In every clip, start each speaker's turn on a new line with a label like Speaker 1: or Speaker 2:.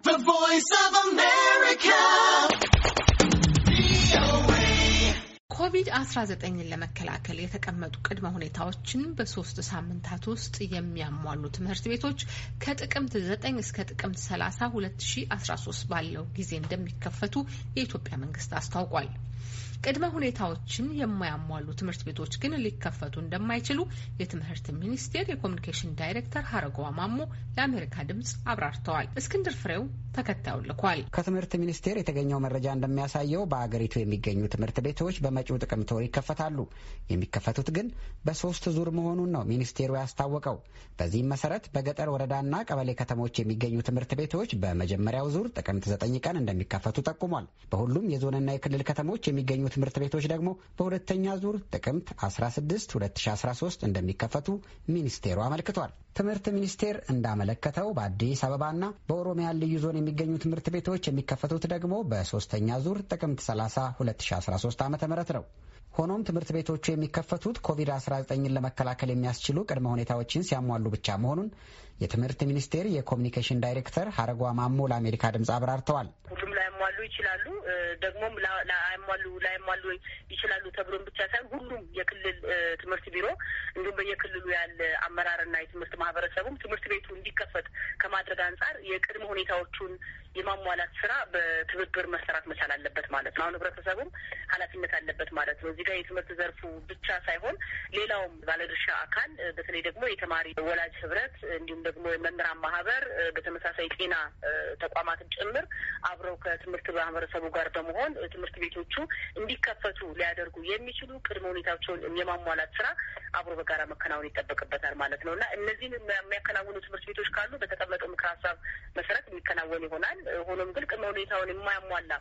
Speaker 1: The Voice of America. ኮቪድ-19ን ለመከላከል የተቀመጡ ቅድመ ሁኔታዎችን በሶስት ሳምንታት ውስጥ የሚያሟሉ ትምህርት ቤቶች ከጥቅምት 9 እስከ ጥቅምት 30 2013 ባለው ጊዜ እንደሚከፈቱ የኢትዮጵያ መንግስት አስታውቋል። ቅድመ ሁኔታዎችን የማያሟሉ ትምህርት ቤቶች ግን ሊከፈቱ እንደማይችሉ የትምህርት ሚኒስቴር የኮሚኒኬሽን ዳይሬክተር ሀረገዋ ማሞ ለአሜሪካ ድምጽ አብራርተዋል። እስክንድር ፍሬው ተከታዩ ልኳል።
Speaker 2: ከትምህርት ሚኒስቴር የተገኘው መረጃ እንደሚያሳየው በአገሪቱ የሚገኙ ትምህርት ቤቶች በመጪው ጥቅምት ወር ይከፈታሉ። የሚከፈቱት ግን በሶስት ዙር መሆኑን ነው ሚኒስቴሩ ያስታወቀው። በዚህም መሰረት በገጠር ወረዳና ቀበሌ ከተሞች የሚገኙ ትምህርት ቤቶች በመጀመሪያው ዙር ጥቅምት ዘጠኝ ቀን እንደሚከፈቱ ጠቁሟል። በሁሉም የዞንና የክልል ከተሞች የሚገኙ ትምህርት ቤቶች ደግሞ በሁለተኛ ዙር ጥቅምት 16 2013 እንደሚከፈቱ ሚኒስቴሩ አመልክቷል። ትምህርት ሚኒስቴር እንዳመለከተው በአዲስ አበባና በኦሮሚያ ልዩ ዞን የሚገኙ ትምህርት ቤቶች የሚከፈቱት ደግሞ በሶስተኛ ዙር ጥቅምት 30 2013 ዓ ም ነው። ሆኖም ትምህርት ቤቶቹ የሚከፈቱት ኮቪድ-19ን ለመከላከል የሚያስችሉ ቅድመ ሁኔታዎችን ሲያሟሉ ብቻ መሆኑን የትምህርት ሚኒስቴር የኮሚኒኬሽን ዳይሬክተር ሀረጓ ማሞ ለአሜሪካ ድምፅ አብራርተዋል።
Speaker 1: ሊያሟሉ ይችላሉ። ደግሞም ላያሟሉ ላያሟሉ ይችላሉ ተብሎን ብቻ ሳይሆን ሁሉም የክልል ትምህርት ቢሮ እንዲሁም በየክልሉ ያለ አመራርና የትምህርት ማህበረሰቡም ትምህርት ቤቱ እንዲከፈት ከማድረግ አንጻር የቅድመ ሁኔታዎቹን የማሟላት ስራ በትብብር መሰራት መቻል አለበት ማለት ነው። አሁን ህብረተሰቡም ኃላፊነት አለበት ማለት ነው። እዚህ ጋር የትምህርት ዘርፉ ብቻ ሳይሆን ሌላውም ባለድርሻ አካል በተለይ ደግሞ የተማሪ ወላጅ ህብረት እንዲሁም ደግሞ የመምህራን ማህበር በተመሳሳይ ጤና ተቋማትን ጭምር አብረው ከትምህርት ማህበረሰቡ ጋር በመሆን ትምህርት ቤቶቹ እንዲከፈቱ ሊያደርጉ የሚችሉ ቅድመ ሁኔታቸውን የማሟላት ስራ አብሮ በጋራ መከናወን ይጠበቅበታል ማለት ነው እና እነዚህን የሚያከናውኑ ትምህርት ቤቶች ካሉ በተቀመጠው ምክር ሀሳብ መሰረት የሚከናወን ይሆናል። ሆኖም ግን ቅድመ ሁኔታውን የማያሟላ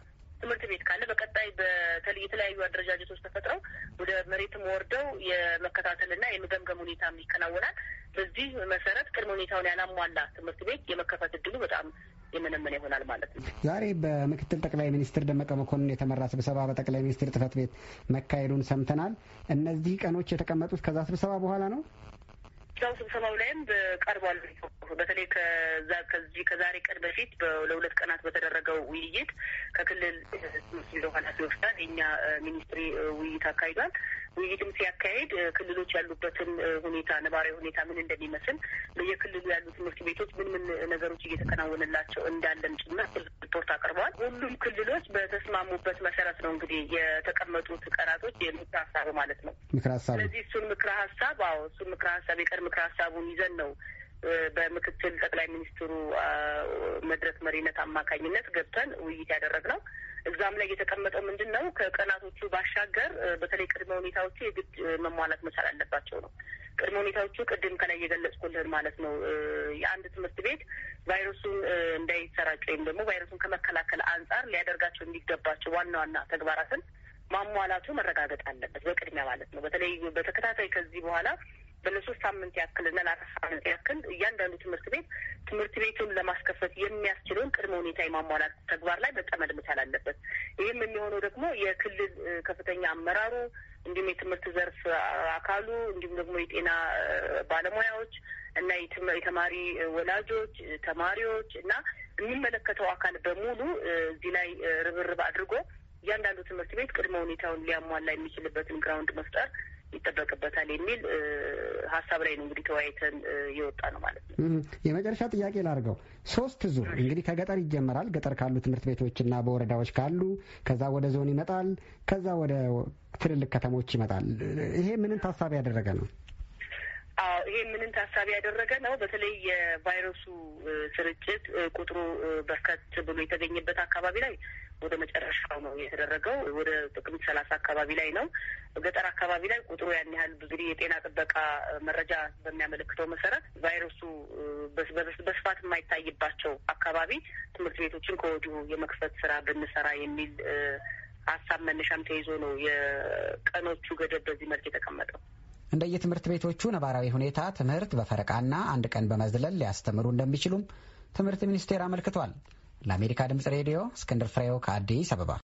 Speaker 1: ትምህርት ቤት ካለ በቀጣይ በተለይ የተለያዩ አደረጃጀቶች ተፈጥረው ወደ መሬትም ወርደው የመከታተልና የመገምገም ሁኔታም ይከናወናል። በዚህ መሰረት ቅድመ ሁኔታውን ያላሟላ ትምህርት ቤት የመከፈት እድሉ በጣም የመነመን ይሆናል ማለት ነው።
Speaker 2: ዛሬ በምክትል ጠቅላይ ሚኒስትር ደመቀ መኮንን የተመራ ስብሰባ በጠቅላይ ሚኒስትር ጽህፈት ቤት መካሄዱን ሰምተናል። እነዚህ ቀኖች የተቀመጡት ከዛ ስብሰባ በኋላ ነው።
Speaker 1: እዛው ስብሰባው ላይም ቀርቧል። በተለይ ከዛ ከዚህ ከዛሬ ቀን በፊት ለሁለት ቀናት በተደረገው ውይይት ከክልል ኃላፊዎች የኛ ሚኒስትሪ ውይይት አካሂዷል። ውይይትም ሲያካሄድ ክልሎች ያሉበትን ሁኔታ ነባራዊ ሁኔታ ምን እንደሚመስል በየክልሉ ያሉ ትምህርት ቤቶች ምን ምን ነገሮች እየተከናወነላቸው እንዳለም ጭምር ሪፖርት አቅርበዋል። ሁሉም ክልሎች በተስማሙበት መሰረት ነው እንግዲህ የተቀመጡት ቀናቶች የምክር ሀሳብ
Speaker 2: ማለት ነው። ምክር ሀሳብ ስለዚህ እሱን ምክረ ሀሳብ
Speaker 1: አዎ እሱን ምክረ ሀሳብ የቀር ምክረ ሀሳቡን ይዘን ነው በምክትል ጠቅላይ ሚኒስትሩ መድረክ መሪነት አማካኝነት ገብተን ውይይት ያደረግነው እዛም ላይ የተቀመጠው ምንድን ነው ከቀናቶቹ ባሻገር በተለይ ቅድመ ሁኔታዎቹ የግድ መሟላት መቻል አለባቸው ነው። ቅድመ ሁኔታዎቹ ቅድም ከላይ የገለጽኩልህን ማለት ነው። የአንድ ትምህርት ቤት ቫይረሱን እንዳይሰራጭ ወይም ደግሞ ቫይረሱን ከመከላከል አንጻር ሊያደርጋቸው የሚገባቸው ዋና ዋና ተግባራትን ማሟላቱ መረጋገጥ አለበት፣ በቅድሚያ ማለት ነው። በተለይ በተከታታይ ከዚህ በኋላ ለሶስት ሳምንት ያክል እና ለአራት ሳምንት ያክል እያንዳንዱ ትምህርት ቤት ትምህርት ቤቱን ለማስከፈት የሚያስችለውን ቅድመ ሁኔታ የማሟላት ተግባር ላይ መጠመድ መቻል አለበት። ይህም የሚሆነው ደግሞ የክልል ከፍተኛ አመራሩ እንዲሁም የትምህርት ዘርፍ አካሉ እንዲሁም ደግሞ የጤና ባለሙያዎች እና የተማሪ ወላጆች፣ ተማሪዎች እና የሚመለከተው አካል በሙሉ እዚህ ላይ ርብርብ አድርጎ እያንዳንዱ ትምህርት ቤት ቅድመ ሁኔታውን ሊያሟላ የሚችልበትን ግራውንድ መፍጠር ይጠበቅበታል የሚል ሀሳብ ላይ ነው እንግዲህ ተወያይተን የወጣ
Speaker 2: ነው ማለት ነው። የመጨረሻ ጥያቄ ላድርገው። ሶስት ዙር እንግዲህ ከገጠር ይጀመራል። ገጠር ካሉ ትምህርት ቤቶችና በወረዳዎች ካሉ፣ ከዛ ወደ ዞን ይመጣል፣ ከዛ ወደ ትልልቅ ከተሞች ይመጣል። ይሄ ምንን ታሳቢ ያደረገ ነው?
Speaker 1: ይሄ ምንን ታሳቢ ያደረገ ነው? በተለይ የቫይረሱ ስርጭት ቁጥሩ በርከት ብሎ የተገኘበት አካባቢ ላይ ወደ መጨረሻው ነው የተደረገው። ወደ ጥቅምት ሰላሳ አካባቢ ላይ ነው። ገጠር አካባቢ ላይ ቁጥሩ ያን ያህል እንግዲህ የጤና ጥበቃ መረጃ በሚያመለክተው መሰረት ቫይረሱ በስፋት የማይታይባቸው አካባቢ ትምህርት ቤቶችን ከወዲሁ የመክፈት ስራ ብንሰራ የሚል ሀሳብ መነሻም ተይዞ ነው የቀኖቹ ገደብ በዚህ መልክ የተቀመጠው።
Speaker 2: እንደየ ትምህርት ቤቶቹ ነባራዊ ሁኔታ ትምህርት በፈረቃና አንድ ቀን በመዝለል ሊያስተምሩ እንደሚችሉም ትምህርት ሚኒስቴር አመልክቷል። ለአሜሪካ ድምጽ ሬዲዮ እስክንድር ፍሬው ከአዲስ አበባ